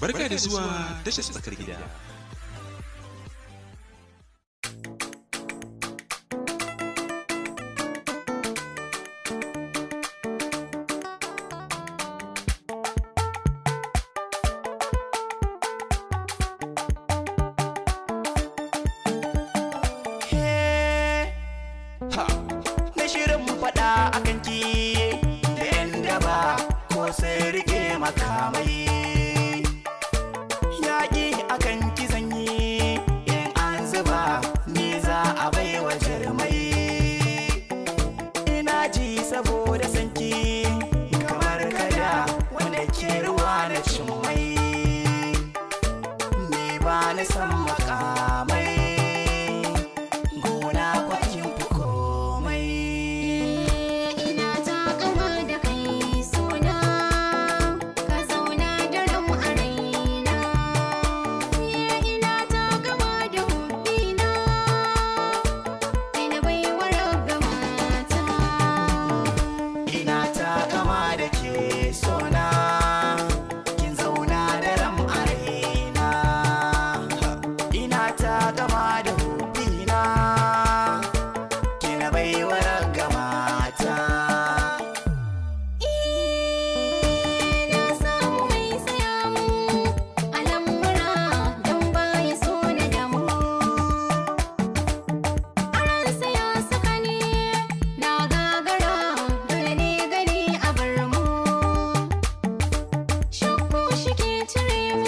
Barka da zuwa tashar tsakar gida. faɗa akan ki da 'yan daba ko sai rike makamai zuba ni za a baiwa jirmai ina ji saboda sanki kamar kada wanda ke ruwa na cimai mai ni ba na san makama watching you.